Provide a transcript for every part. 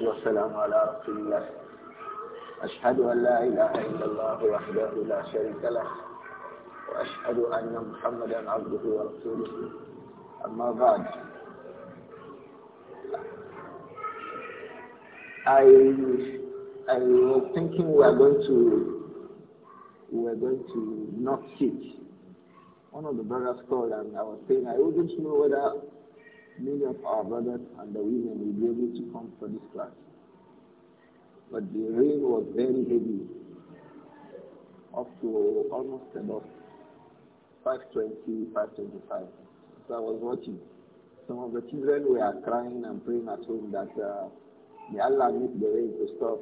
والسلام على رسول الله أشهد أن لا إله إلا الله وحده لا شريك له وأشهد أن محمدا عبده ورسوله أما بعد I I was thinking we are going to we are going to not sit. One of the brothers called and I was saying I wouldn't know whether many of our brothers and the women will be able to come for this class. But the rain was very heavy, up to almost about 520, 525. So I was watching. Some of the children were crying and praying at home that uh, may Allah make the rain to stop.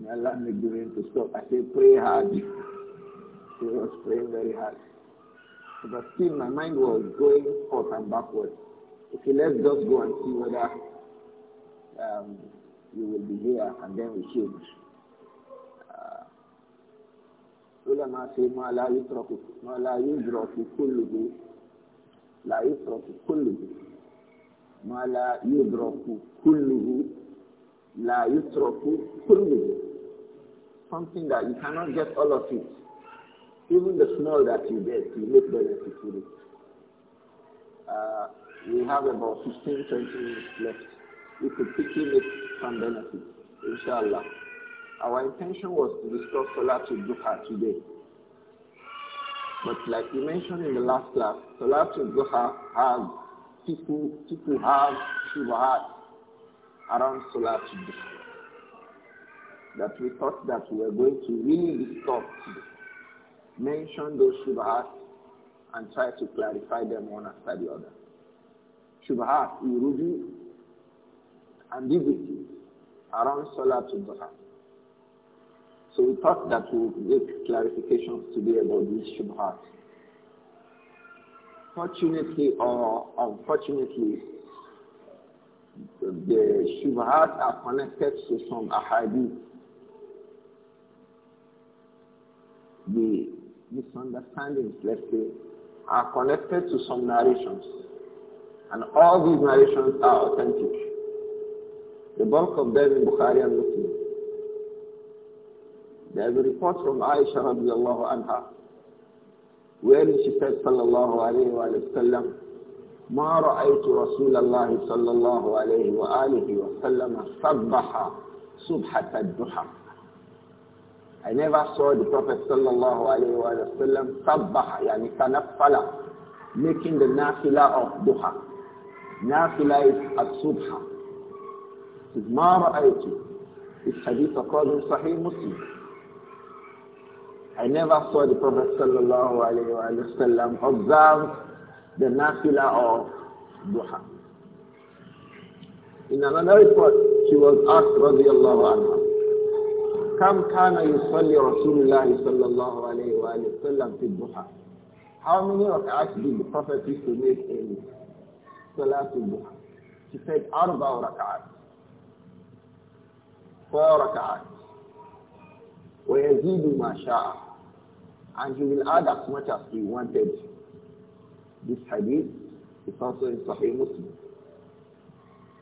May Allah make the rain to stop. I said, pray hard. He was praying very hard. But still, my mind was going forth and backwards. Okay, let's just go and see whether um, you will be here and then we change. Uh, ulama say, ma la yutraku, ma la yudraku kulluhu, la yutraku kulluhu, ma la yudraku kulluhu, la yutraku kulluhu. Something that you cannot get all of it. Even the small that you get, you make benefit with it. Uh, We have about 15, 20 minutes left. We could quickly make some benefits, inshallah. Our intention was to discuss Salatul Duha today. But like we mentioned in the last class, Salatul Duha has, people, people have shubhat around Salatul Duha that we thought that we were going to really discuss, mention those shubhat and try to clarify them one after the other shubhat, and ambiguity around solar Duha. So we thought that we would make clarifications today about these shubhat. Fortunately or unfortunately, the shubhat are connected to some ahadith. The misunderstandings, let's say, are connected to some narrations. And all these narrations are authentic. The bulk of them in Bukhari and Muslim. There is a report from Aisha radiallahu anha wherein she said sallallahu alayhi wa sallam ما رأيت رسول الله صلى الله عليه وآله وسلم صبح صبحة الضحى I never saw the Prophet sallallahu alayhi wa sallam صبح يعني تنفل making the nafila of duha Nafila is at-subha. It is ma ra'aytu. hadith occurs in Sahih Muslim. I never saw the Prophet sallallahu alayhi wa sallam observe the nafila of duha. In another report, she was asked radiallahu anha, كم كان يصلي رسول الله صلى الله عليه وآله وسلم في الضحى? How many of us did the Prophet used to make in Salatul Duha? She said, Arba rak'at. Four rak'at. وَيَزِيدُ مَا شَاءَ And he will add as much as he wanted. This hadith is also in Sahih Muslim.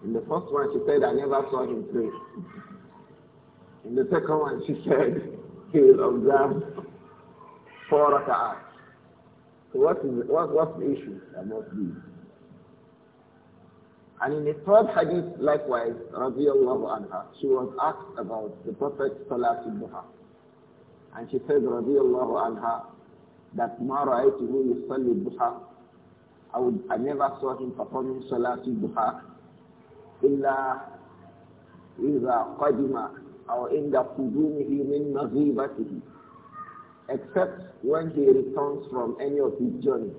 In the first one, she said, I never saw him pray. In the second one, she said, he will observe four rak'at. So what is, what, what's the issue about this? And in the third hadith, likewise, radiallahu anha, she was asked about the Prophet's Salatul duha. And she said, radiallahu anha, that ma ra'aytuhu yusalli duha. I, would, I never saw him performing salat duha illa إذا قدم أو عند قدومه min مغيبته except when he returns from any of his journeys.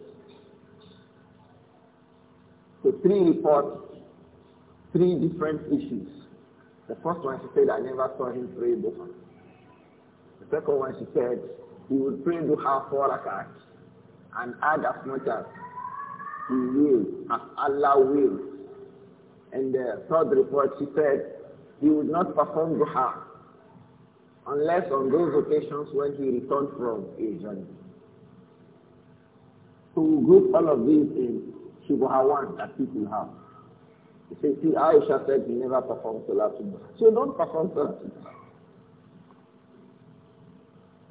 The three reports three different issues. The first one, she said, I never saw him pray duha. The second one, she said, he would pray duha four rakats and add as much as he will, as Allah will. And the third report, she said, he would not perform duha unless on those occasions when he returned from a journey. So we group all of these in Shubha 1 that people have. He said, see, Aisha said he never performed Salah So don't perform Salah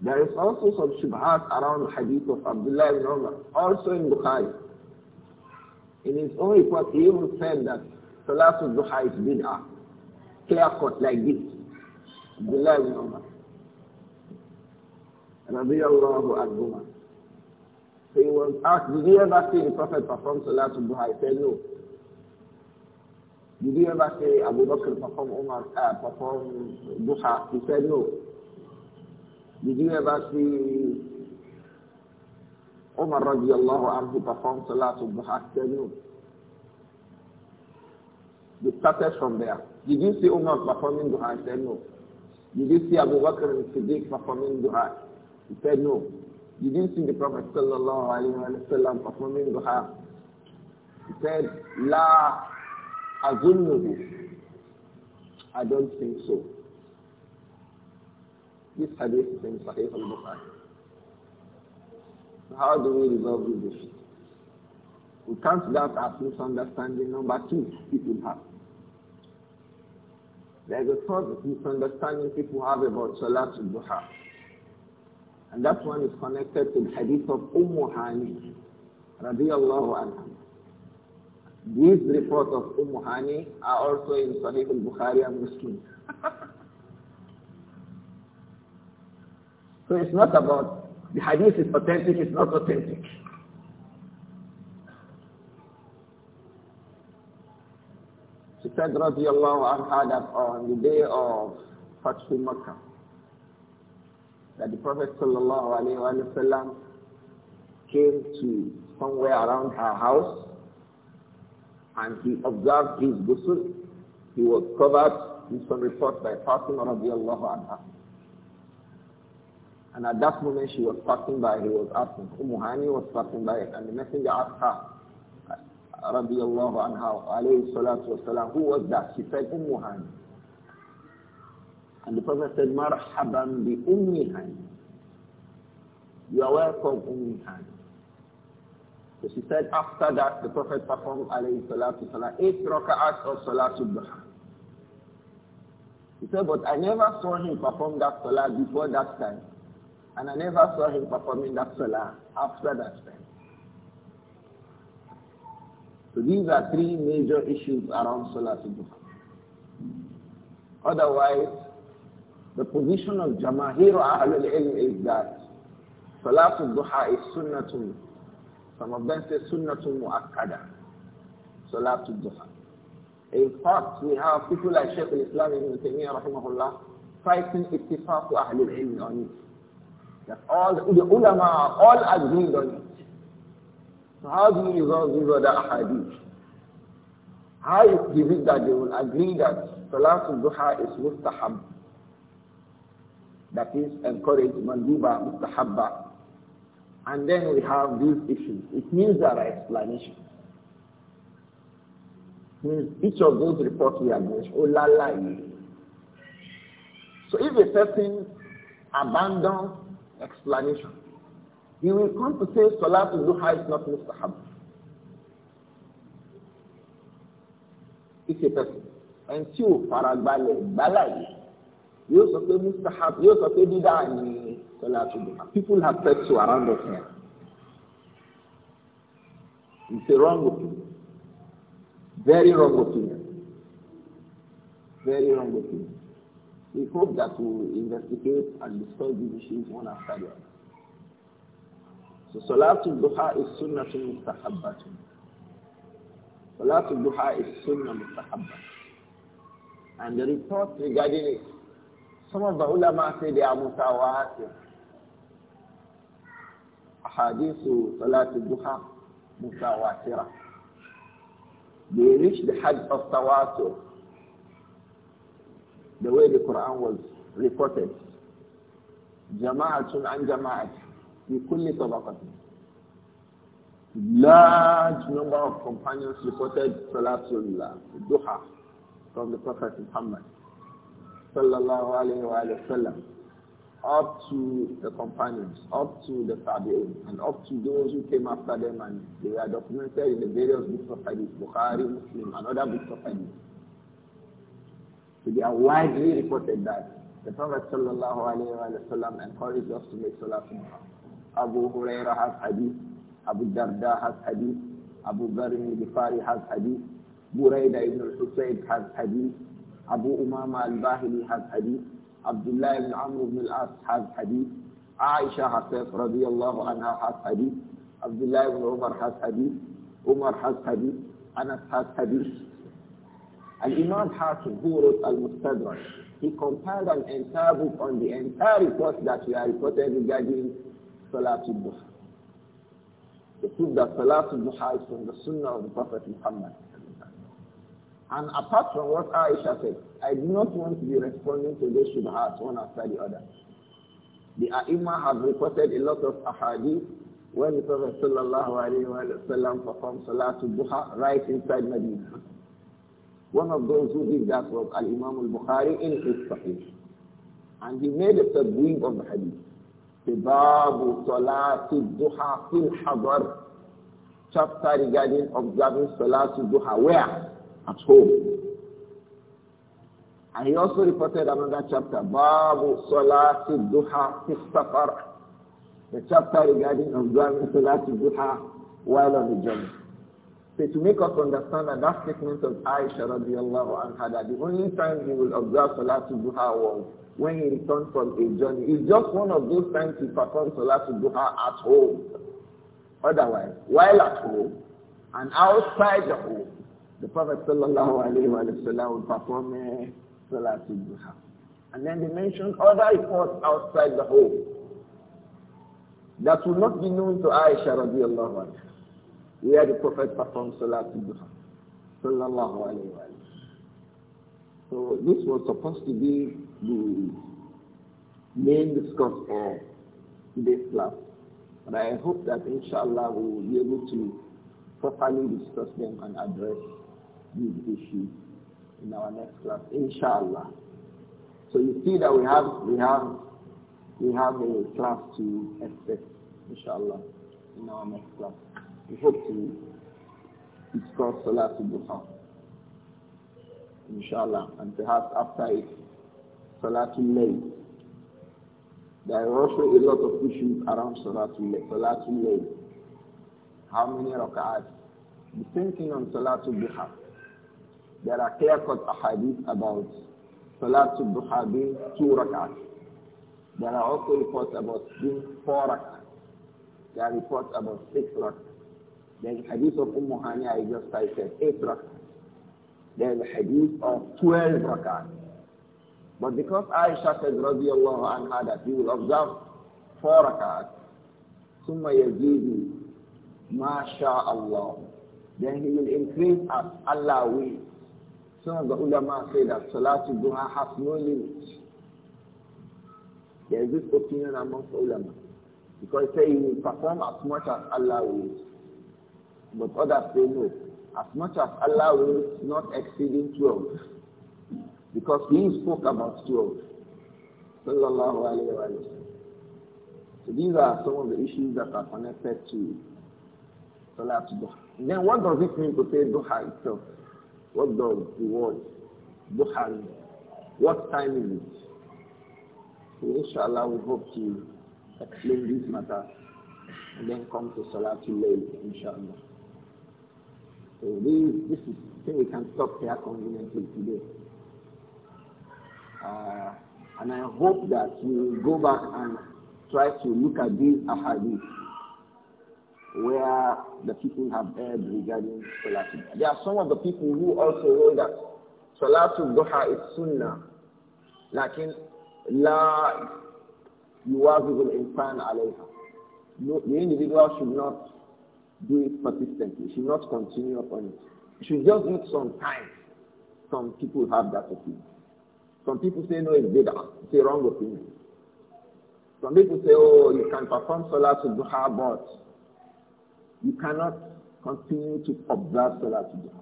There is also some shubhat around hadith of Abdullah ibn Umar, also in Bukhari. In his own report, he even said that Salatul Duha is bid'ah, clear cut like this. Abdullah ibn Umar. Radiallahu anhumah. So he was asked, did you ever see the Prophet perform Salatul Duha? He said, no. Did you ever see Abu Bakr perform Umar uh, perform Duha? He said no. Did you ever see Umar radiallahu anhu perform Salatul Duha? He said no. They started from there. Did you see Umar performing Duha? He said no. Did you see Abu Bakr and Siddiq performing Duha? He said no. Did you see the Prophet sallallahu alaihi wa sallam performing Duha? He said, La أظن this I don't think so this hadith is in Sahih al-Bukhari how do we resolve this issue we count that as misunderstanding number two people have there's a third misunderstanding people have about Salat al-Duha and that one is connected to the hadith of Umm Hani radiallahu anha these reports of Umm Hani are also in Sahih al-Bukhari and Muslim. so it's not about the hadith is authentic, it's not authentic. She said, radiallahu anha, that on the day of Fatih Makkah, that the Prophet sallallahu alayhi wa sallam came to somewhere around her house and he observed his ghusl. He was covered, this one reports by Fatima radiallahu anha. And at that moment she was passing by, he was asking, "Umuhani was passing by, and the messenger asked her, radiallahu anha, alayhi salatu wasalam, who was that? She said, "Umuhani." And the Prophet said, Marhaban bi Ummi Hani. You are welcome, Ummi so she said after that the Prophet performed alayhi salatu salam eight raka'at of salatul duha. He said, but I never saw him perform that salah before that time. And I never saw him performing that salah after that time. So these are three major issues around salatul duha. Otherwise, the position of Jamahir al Ilm is that Salatul Duha is sunnatun some of them say sunnatul mu'akkada, salatul duha. In fact, we have people like Sheikh al-Islam ibn Taymiyyah rahimahullah fighting ittifaq to Ahlul Ilm on it. That all the ulama all agreed on it. So how do you resolve these other ahadith? How is it that they will agree that Salatul Duha is mustahab? That is encouraged, manduba, mustahabba, and then we have these issues. It means there are explanations. means each of those reports we are oh la la. So if a person abandons explanation, he will come to say Salat al-Duha is not mustahab. If a person, and two, Balay Balay yóò sọ pé mustahab yóò sọ pé dídá ni sọlá tó people have said so around us here it's a wrong opinion very wrong opinion very wrong opinion we hope that we will investigate and discuss these issues one after the other. So Salatul Duha is Sunnatun Mustahabbatun. Salatul Duha is Sunnah Mustahabbatun. And the report regarding it some of the ulama say they are mutawatir. Ahadithu salatul duha mutawatira. They reach the hajj of tawatur. The way the Quran was reported. Jama'atun and jama'at. We kulli tabaqatin. Large number of companions reported salatul duha from the Prophet Muhammad sallallahu alayhi wa, sallam, up to the companions, up to the tabi'un, and up to those who came after them, and they are documented in the various books of hadith, Bukhari, Muslim, and other books of hadith. So they are widely reported that the Prophet sallallahu alayhi wa, sallam encouraged us to make salat Abu Huraira has hadith, Abu Darda has hadith, Abu Dharr al fari has hadith, Buraida ibn al-Husayn has hadith, Abu Umama al-Bahili has hadith. Abdullah ibn Amr ibn al-As has hadith. Aisha herself radiallahu عنها has hadith. Abdullah ibn Umar has hadith. Umar has hadith. Anas has hadith. حديث imam Hakim, هو المستدرك al he compiled an entire book on the entire report that we are reported regarding Salatul Duha. The proof that Salatul Duha is from the Sunnah of the Prophet Muhammad And apart from what Aisha said, I do not want to be responding to those shubhat one after the other. The Aima have reported a lot of ahadith when the Prophet sallallahu alayhi wa sallam performed Salatul Duha right inside Medina. One of those who did that was Al-Imam al-Bukhari in his Sahih. And he made a tabweeb of the hadith. Babu Salatul Duha fil Hadar. Chapter regarding observing Salatul Duha. Where? at home. And he also reported another chapter, Babu Salati Duha Safar, the chapter regarding observing Salati Duha while on the journey. So to make us understand that that statement of Aisha radiallahu anha that the only time he will observe Salatul Duha was when he returned from a journey is just one of those times he performed Salatul Duha at home. Otherwise, while at home and outside the home, the Prophet sallallahu alayhi wa sallam would perform uh, Duha. And then they mentioned other reports outside the home that will not be known to Aisha radiallahu anha, where the Prophet performed Salatul Duha. Sallallahu alayhi wa So this was supposed to be the main discussion for today's class. But I hope that inshallah we will be able to properly discuss them and address these issues in our next class, inshallah. So you see that we have we have we have a class to expect, inshallah, in our next class. We hope to discuss Salat al-Duha, inshallah, and perhaps after it, Salat al There are also a lot of issues around Salatul al-Layl. Salat How many rak'at? The same thing on Salat al-Duha. There are clear-cut ahadith about Salatul Duha being two rak'at. There are also reports about being four rak'at. There are reports about six rak'at. Then the hadith of Umm Hani, I just cited eight rak'at. Then the hadith of twelve rak'at. But because Aisha said, radiallahu anha, that you will observe four rak'at, ثم يزيد ما شاء الله. Then he will increase as Allah will. Some of the ulama say that Salatul Duha has no limit. There is this opinion amongst ulama. Because they say you will perform as much as Allah wills. But others say no. As much as Allah wills, not exceeding 12. Because he spoke about 12. Sallallahu alayhi wa So these are some of the issues that are connected to Salatul Duha. Then what does it mean to say Duha itself? What does the word Bukhari, what time is it? So inshallah, we hope to explain this matter and then come to Salatul Layl, inshallah. So this, this is, I think we can stop here conveniently today. Uh, and I hope that we will go back and try to look at these ahadith where the people have heard regarding Salatul There are some of the people who also hold that to Duha is Sunnah, lakin la yuwazibu al-insan alayha. the individual should not do it persistently. Should not continue upon it. He should just do some sometimes. Some people have that opinion. Some people say, no, it's better. It's a wrong opinion. Some people say, oh, you can perform to Duha, but you cannot continue to observe Salat today.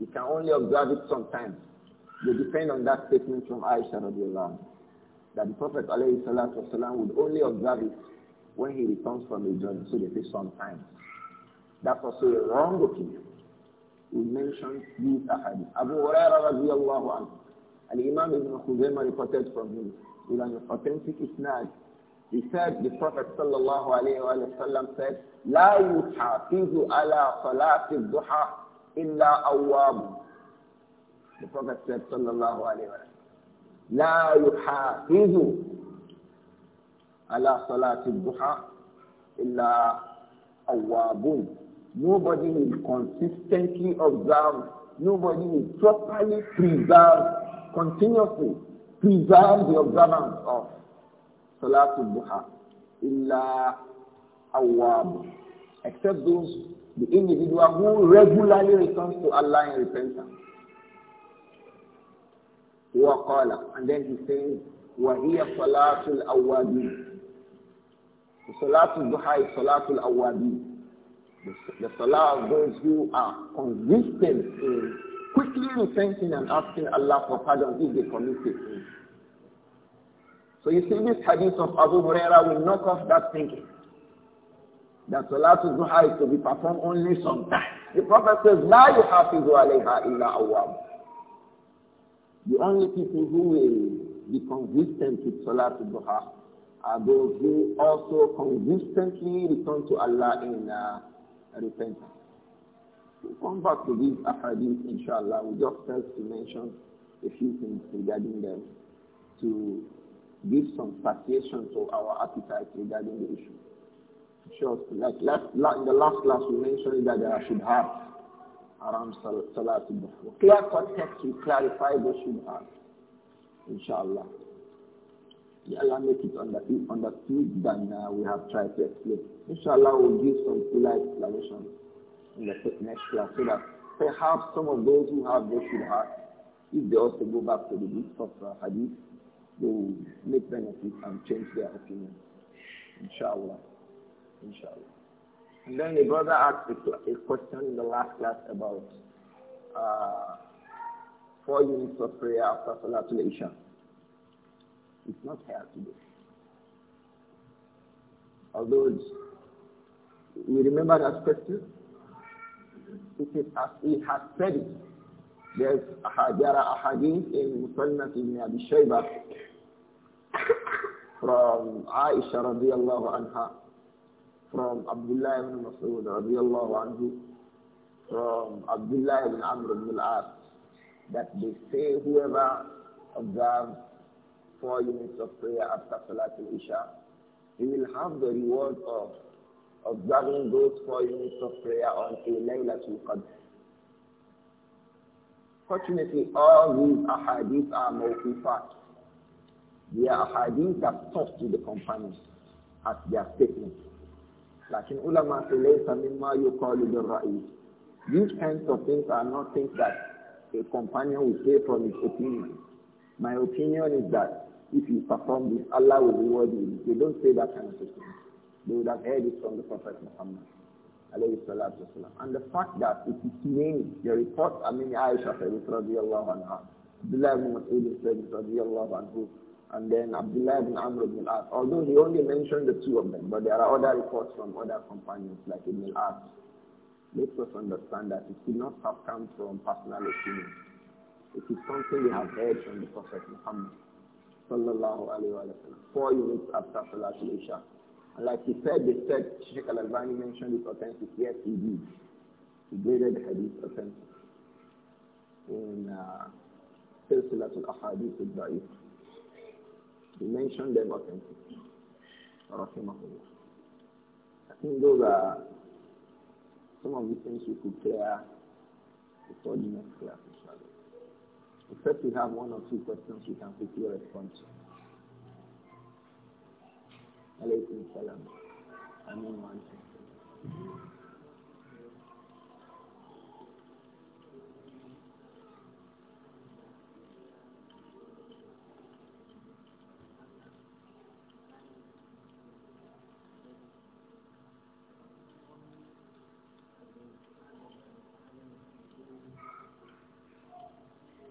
You can only observe it sometimes. You depend on that statement from Aisha radiallahu that the Prophet alayhi would only observe it when he returns from his journey. So they say sometimes. That's also a wrong opinion. We mentioned these ahadith. Abu Huraira radiallahu anhu. and imam Ibn Khuzaymah reported from him with an authentic isnad he said, the Prophet sallallahu alayhi wa sallam said, لا يحافظ على صلاة الضحى إلا أواب. The Prophet said sallallahu alayhi wa sallam, لا يحافظ على صلاة الضحى إلا أواب. Nobody is consistently observe, nobody is properly preserved continuously preserve the observance of Salatul Duha illa awwab. Except those, the individual who regularly returns to Allah in repentance. وقال and then he says وهي صلاة الأوابين the Salatul Duha is Salatul Awabin the salah of those who are consistent in quickly repenting and asking Allah for pardon if they commit sin. So you see this hadith of Abu Huraira will knock off that thinking. That to Duha is to be performed only sometimes. The Prophet says, La yuhafizu alayha illa awam. The only people who will be consistent with Salatul Duha are those who also consistently return to Allah in uh, repentance. To come back to these ahadith, inshallah. We just have to mention a few things regarding them to give some satiation to our appetite regarding the issue. Sure, like last, in the last class we mentioned that there are shubhat around sal Salat Clear context will clarify the shubhat, inshallah. May Allah make it understood than uh, we have tried to explain. Inshallah we'll give some fuller explanation in the next class so that perhaps some of those who have the shubhat, if they also go back to the books of uh, hadith, to will make benefit and change their opinion. Inshallah. Inshallah. And then the brother asked a, question in the last class about uh, four units of prayer after Salatul Isha. It's not here today. Although we remember that question, it is as he has said it. There's a Ahadith in Musannat ibn Abi Shaybah from Aisha radiallahu anha, from Abdullah ibn Mas'ud radiallahu anhu, from Abdullah ibn Amr ibn al-As, that they say whoever observes four units of prayer after Salatul Isha, he will have the reward of observing those four units of prayer on a Laylatul Qadr. Fortunately, all these ahadith are multi-part. Their hadith are tough to the companions at their statements. Like in ulama say, mimma yuqalu bil-ra'i. These kinds of things are not things that a companion will say from his opinion. My opinion is that if you perform this, Allah will reward you. They don't say that kind of thing. They would have heard it from the Prophet Muhammad. And the fact that it is named, the report, I mean, Aisha said it, radiallahu anha. Abdullah ibn Mas'ud said it, radiallahu anhu and then Abdullah ibn Amr ibn al-As. Although he only mentioned the two of them, but there are other reports from other companions like Ibn al-As. Makes us understand that it did not have come from personal opinion. It is something we have heard from the Prophet Muhammad sallallahu alayhi wa sallam, four years after Salatul Isha. And like he said, they said, Sheikh al-Albani mentioned it authentic. Yes, he did. He graded the hadith authentic in uh, Silsilatul Ahadith al-Da'if. He mentioned them authentically. I think those are some of the things we could clear before the next class, inshallah. Except we have one or two questions we can quickly respond to. Alaykum salam.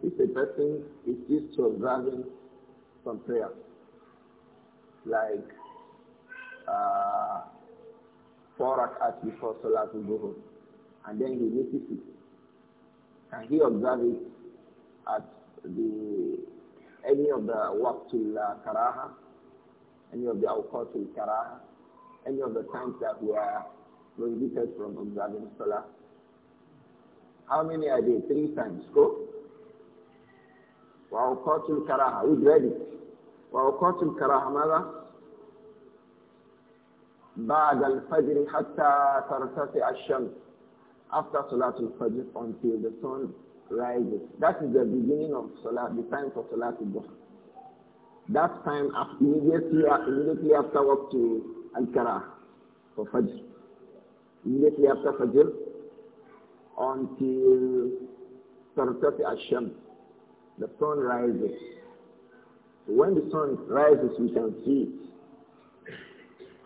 If a person is used to observing some prayers, like uh, four rak'at before Salatul Zuhur, and then he misses it, and he observes it at the any of the waqtul uh, karaha, any of the awqatul karaha, any of the times that we are prohibited from observing salah. How many are there? Three times. Go. وأوقات الكراهة we've read it وأوقات الكراهة ماذا؟ بعد الفجر حتى ترتفع الشمس after Salat al-Fajr until the sun rises. That is the beginning of Salat, the time for Salat al-Duha. That time immediately, immediately after work to Al-Karah for Fajr. Immediately after Fajr until Tartati al-Shams. The sun rises. So when the sun rises, we can see it.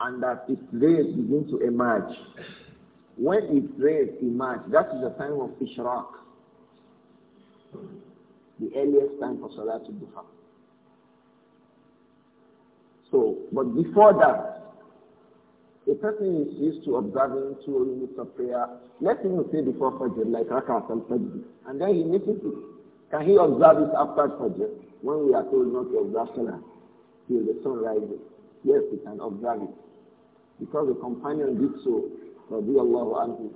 And that its rays begin to emerge. When its rays emerge, that is the time of Ishraq. The earliest time for Salah to Duha. So, but before that, a person is used to observing two minutes of prayer, let him say before Fajr, like Rakat and fajr and then he needs it. Can he observe it after Fajr? When we are told not to observe Salah till the sun rises, yes, he can observe it. Because the companion did so, radiallahu anhu,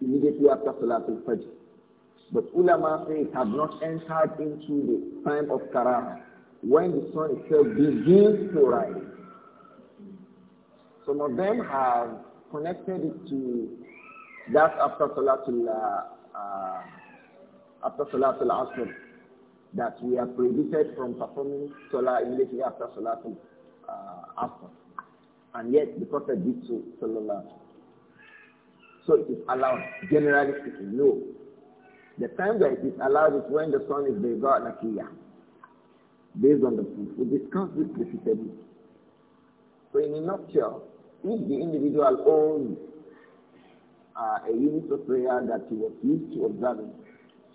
immediately after Salatul Fajr. But ulama say it had not entered into the time of Karah when the sun itself begins to rise. Some of them have connected it to that after Salatul uh, uh after Salat asr that we are prohibited from performing Salah immediately after Salat al-Asr. Uh, and yet the Prophet did so, Salah. So it is allowed, generally speaking, no. The time that it is allowed is when the sun is Bayda Nakiya, based on the proof. We discussed this repeatedly. So in a nutshell, if the individual owns uh, a unit of prayer that he was used to observing,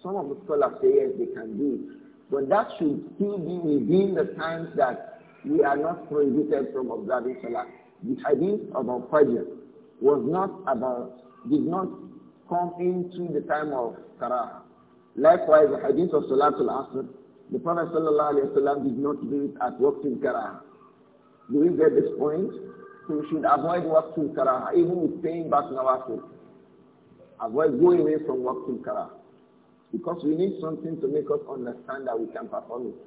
some of the scholars say yes, they can do it. But that should still be within the times that we are not prohibited from observing Salah. The hadith about Fajr was not about, did not come into the time of Karah. Likewise, the hadith of Salatul Asr, the Prophet Wasallam did not do it at Waqtul Karah. Do you get this point? So we should avoid Waqtul Karah, even with paying back Nawafil. Avoid going away from Waqtul Karah. Because we need something to make us understand that we can perform it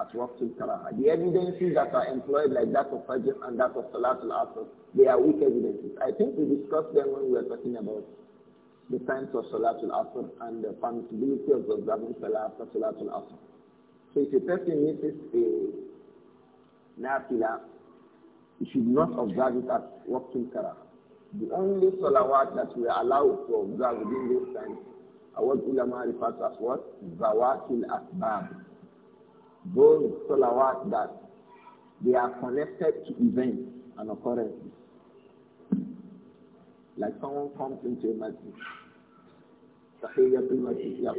at Waqtul Karaha. The evidences that are employed like that of Fajr and that of Salatul Asr, they are weak evidences. I think we discussed them when we were talking about the times of Salatul Asr and the possibility of observing Salah after Salatul Asr. So if a person misses a nafila, he should not observe it at work Waqtul Karaha. The only salawat that we are allowed to observe within those times what ulama refers as what? Zawatil asbab. Those salawat that they are connected to events and occurrences. Like someone comes into a masjid. Tahiyyatul masjid, ya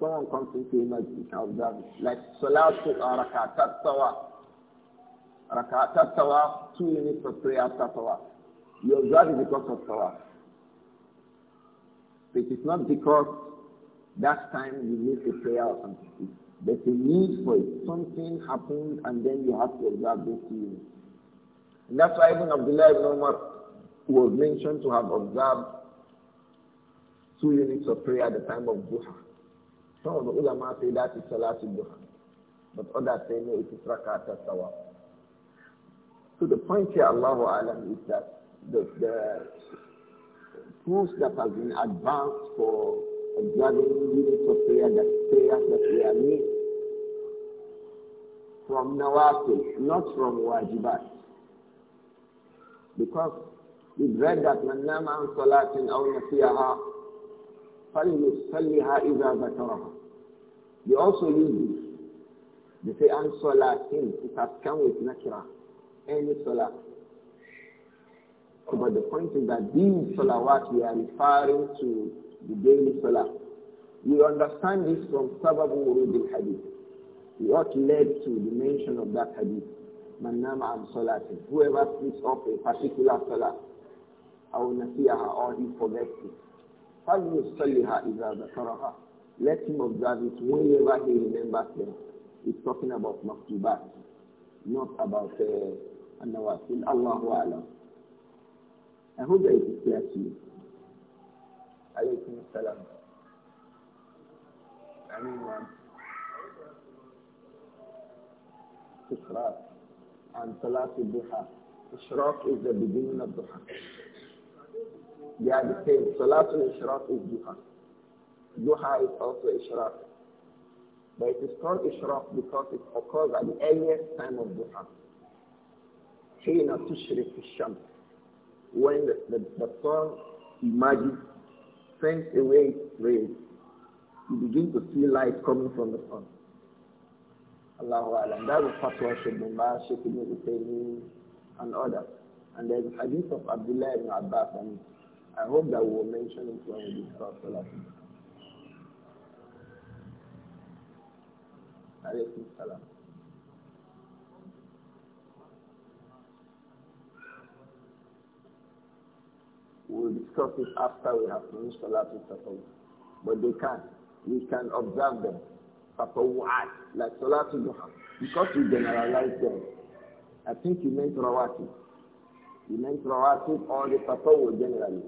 Someone comes into a masjid, observe Like salatul rakatat tawaf. Rakatat tawaf, two minutes of prayer after tawaf. You observe it because of tawaf. It is not because that time you need a prayer or something. there's a need for it. Something happened and then you have to observe this unit. And that's why even Abdullah ibn Umar was mentioned to have observed two units of prayer at the time of Duha. Some of the ulama say that is Salatul Duha. But others say no, it is Rakat al So the point here, Allahu Alam, is that the, the schools that have been advanced for observing units of prayer that prayers that we are made from nawafil, not from wajibat. Because we read that من نام عن صلاة أو نسيها فليصليها إذا They also use this. They say عن it has come with nakira. Any salah. But the point is that these salawat we are referring to the daily salah. We understand this from Sababu Urud hadith What led to the mention of that hadith? Manama am salatin. Whoever speaks of a particular salah, see her or he forgets it. is إذا ذكرها. Let him observe it whenever he remembers them. It's talking about maktubat, not about uh, Allah الله Ala. I hope that it is clear to you. Alaykum salam. I mean, Ishraq and Salatul Duha. Ishraq is the beginning of Duha. They are the same. Salatul Ishraq is Duha. Duha is also Ishraq. But it is called Ishraq because it occurs at the earliest time of Duha. حين تشرق الشمس when the, the, the sun emerges, sends away its rays, you begin to see light coming from the sun. Allahu Alam. That was fatwa Sheikh Bumba, Sheikh Ibn Utaymi, and others. And there's a hadith of Abdullah ibn Abbas, and I hope that we will mention it when we discuss Salat. Alaykum salam. We'll discuss it after we have finished the Tatawwur. But they can. We can observe them. Tatawwu'at, like Salatul Duha. Because we generalize them. I think you meant Rawatib. You meant Rawatib or the Tatawwur generally.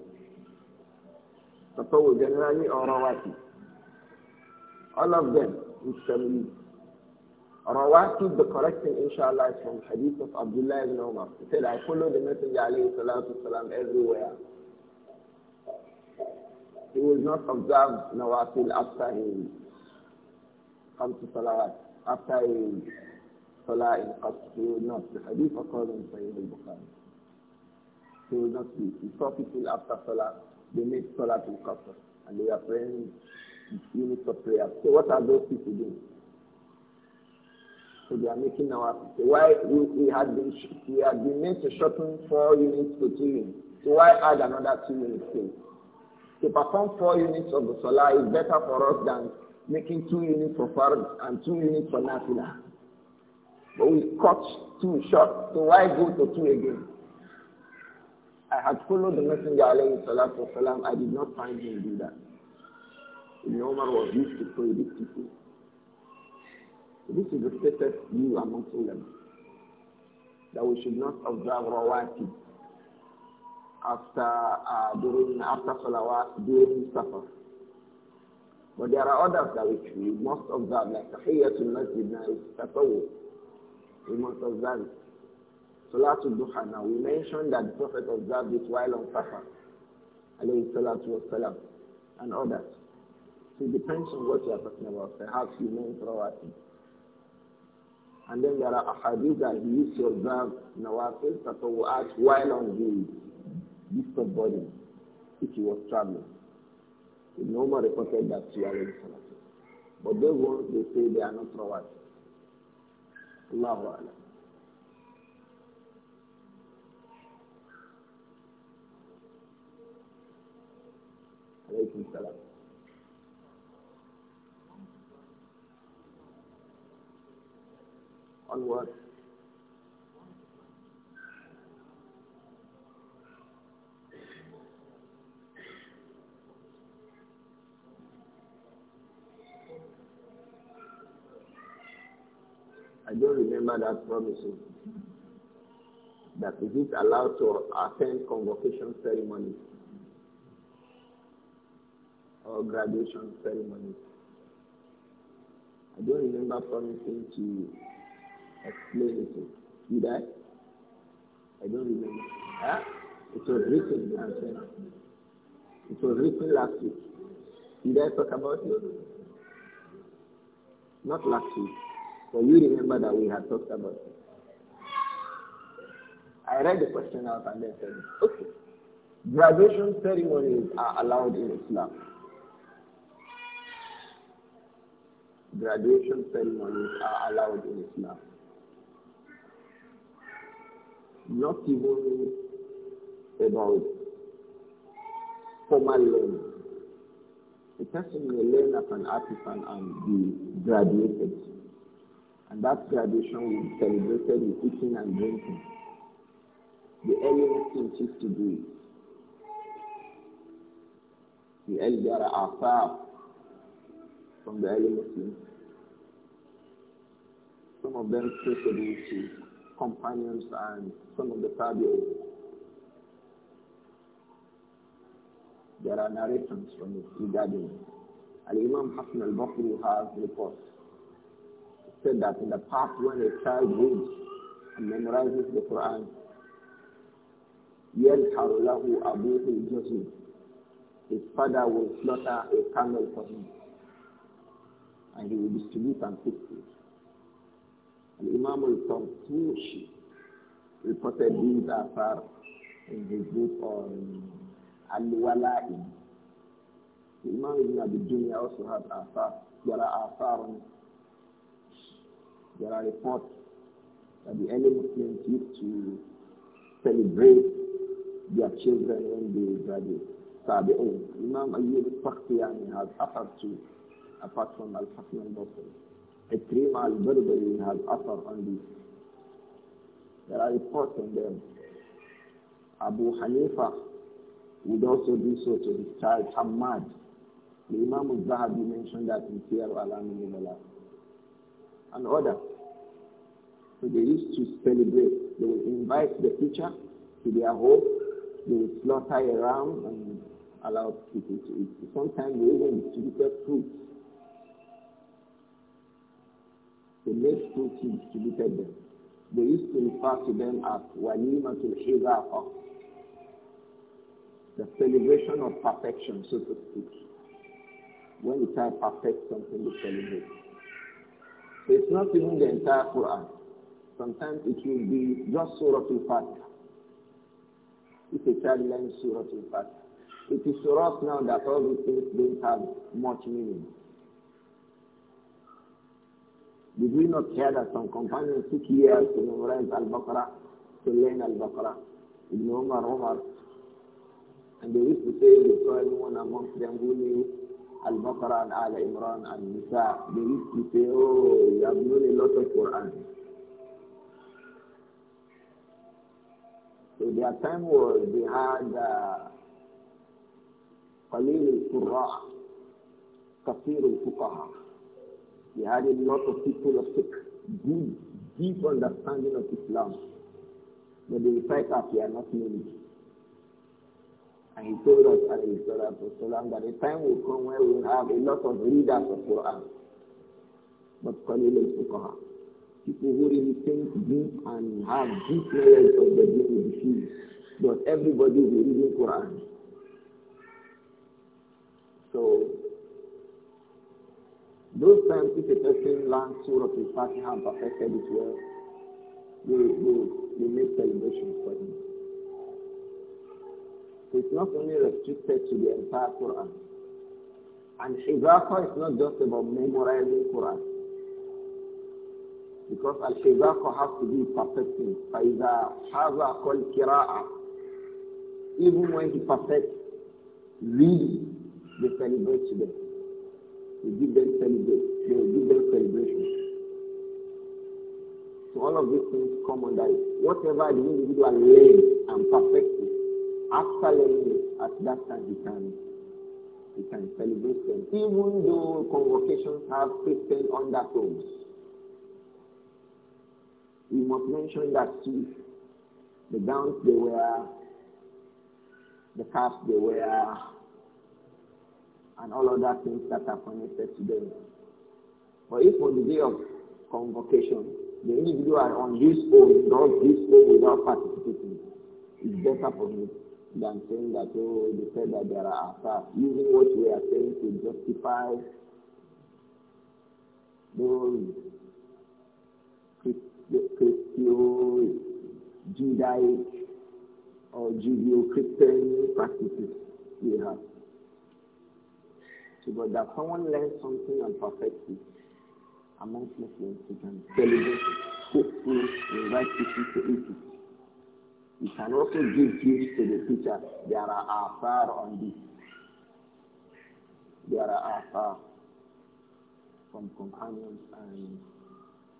Tatawwur generally or Rawatib. All of them is family. Rawatib, the correct thing, inshallah, is from hadith of Abdullah ibn Umar. He said, I follow the Messenger alayhi salatu salam everywhere. He will not observe Nawafil after he comes to Salawat, after he Salah in Qasr. He will not. The hadith according to Sahih al-Bukhari. He will not be. He saw people after Salah. They made Salah in Qasr. And they are praying units of prayer. So what are those people doing? So they are making Nawafil. so why we, we had been we had been made to shorten four units to two units. So why add another two units to to perform four units of the salah is better for us than making two units for Fard and two units for Nafila. But we cut two short, so why go to two again? I had followed the Messenger alayhi salatu wasalam. I did not find him do that. Ibn Omar was used to prohibit people. So this is the stated view among them that we should not observe rawatib after uh, during after salawat during supper. But there are others that which we must observe, like Tahiyatul Masjid now is tatawu. We must observe it. Salatul Duha now, we mentioned that the Prophet observed it while on Safa, alayhi salatu wasalam, and others. So it depends on what you are talking about. Perhaps you mean Rawatib. And then there are ahadith that he used to observe Nawafil Tatawu'at while on duty gift of body if he was traveling. The normal reported that are Alayhi Salatu. But those ones, they say they are not rawat. Allahu Alam. Alaykum Salam. Onwards. I don't remember that promise. That is it allowed to attend convocation ceremonies or graduation ceremonies? I don't remember promising to explain it. Did I? I don't remember. Huh? It was written and said. It was written last week. Did I talk about it? Not last week. But you remember that we had talked about it. I read the question out and then said, okay, graduation ceremonies are allowed in Islam. Graduation ceremonies are allowed in Islam. Not even about formal learning. The person may learn as an artisan and be graduated. And that graduation we celebrated with eating and drinking. The earliest thing used to do it. The elder far from the early Muslims. Some of them traceable to companions and some of the tabi'in. There are narrations from the regarding Al-Imam Hassan al-Bakri has reports said that in the past when a child reads and memorizes the Quran, يَلْحَرُ لَهُ أَبُوهُ His father will slaughter a camel for him and he will distribute and fix it. And Imam al-Tantushi reported these afar in his book on al Walai. Imam Ibn Abi Dunya also had afar. There are afar there are reports that the early Muslims used to celebrate their children when they graduate. Tabi'un. Imam Ayyub al has offered to, apart from Al-Hasan al-Basri. Ikrim al-Barbari has offered on this. There are reports on them. Abu Hanifa would also do so to his child Hamad. The Imam al-Zahabi mentioned that in Sierra al-Amin and others. So they used to celebrate. They would invite the teacher to their home. They would slaughter around and allow people to eat. Sometimes they even distributed fruits. They made fruits and distributed them. They used to refer to them as Walimatul Hizafa, the celebration of perfection, so to speak. When you try to perfect something, you celebrate. So it's not even the entire Quran. Sometimes it will be just Surah Al-Fatiha. If a child learns Surah Al-Fatiha. It is to us now that all these things don't have much meaning. Did we not hear that some companions took years to memorize Al-Baqarah, to learn Al-Baqarah? Ibn Umar, Umar. And they used to say they saw anyone amongst them who knew Al-Baqarah and Al-Imran and Nisa. They used to say, oh, you have known a lot of Quran. So their time was they had Qalil uh, al-Qurra, Kafir al-Fuqaha. They had a lot of people of fiqh, deep, deep understanding of Islam. But they fight up, they are not many. And he told us, alayhi salatu wasalam, that a time will come where we will have a lot of readers of Quran. But Qalil al people who really think deep and have deep knowledge of the deen will But everybody will be reading Quran. So, those times if a person learns Surah Al-Fatiha and perfected it well, they, they, they make celebrations for him. So it's not only restricted to the entire Quran. And Shivaqa is not just about memorizing Quran. Because al-shizaqa has to be perfecting. فَإِذَا حَذَا قَلْ كِرَاءَ Even when he perfects really, they celebrate today. They give them celebration. They give them celebration. So all of these things come under it. Whatever the individual learns and perfects it, after learning it, at that time he can he can celebrate them. Even though convocations have Christian undertones, we must mention that too. The gowns they wear, the caps they wear, and all other things that are connected to them. But if on the day of convocation, the individual on his own does this thing without participating, it's better for him than saying that, oh, they said that there are attacks. Using what we are saying to justify those the Christian, Judaic, or Judeo-Christian practices we have. So, but that someone learns something and perfects it amongst Muslims, he can celebrate it, hopefully invite people to eat it. We can also give gifts to the teacher. There are afar on this. There are afar from companions and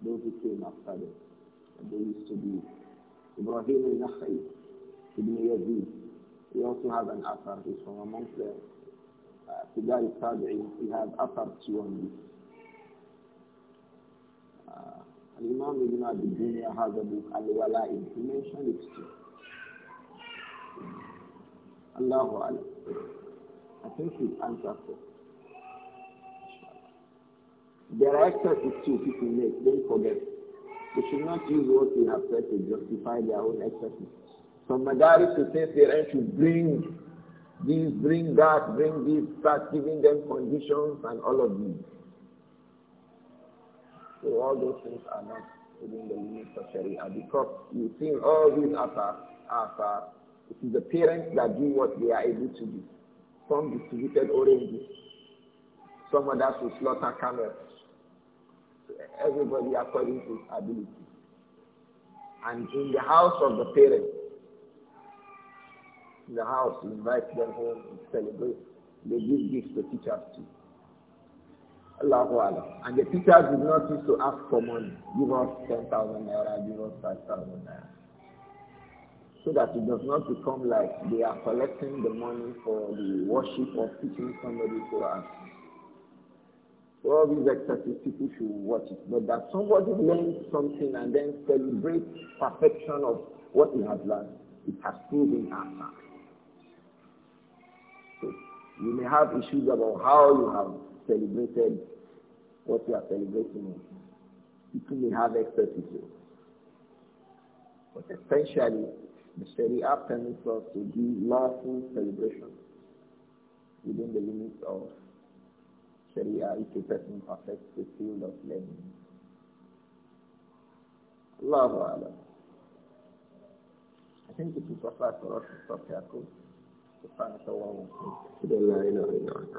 those who came after them. And they used to be Ibrahim al-Nakhi, Ibn Yazid. He also has an Athar, he's from amongst them. Tigar uh, al-Tabi'i, he has Athar too on this. Uh, Al-Imam Ibn Abi Dunya has a book, Al-Wala'id. He mentioned it too. Allahu Alam. I think his ancestors there are excesses too people make, don't forget. They should not use what they have said to justify their own excesses. So Madaris to say they should bring these, bring that, bring this, start giving them conditions and all of these. So all those things are not within the limits of Sharia because you see all these are afar, it is the parents that do what they are able to do. Some distributed oranges, some others will slaughter camels everybody according to his ability. And in the house of the parents, in the house, invite them home, to celebrate. They give gifts to teachers too. Allahu Allah. And the teachers did not need to ask for money. Give us 10,000 naira, give us 5,000 naira. So that it does not become like they are collecting the money for the worship of teaching somebody us all these exercises, people should watch it. But that somebody learns something and then celebrates perfection of what he has learned, it has proven answer. So you may have issues about how you have celebrated what you are celebrating. People may have expertise. But essentially, the Sharia permits us to do lawful celebration within the limits of Sharia equipment affects the field of learning. Allahu Allah. I think it is proper for us to stop here. سبحانك اللهم وبحمدك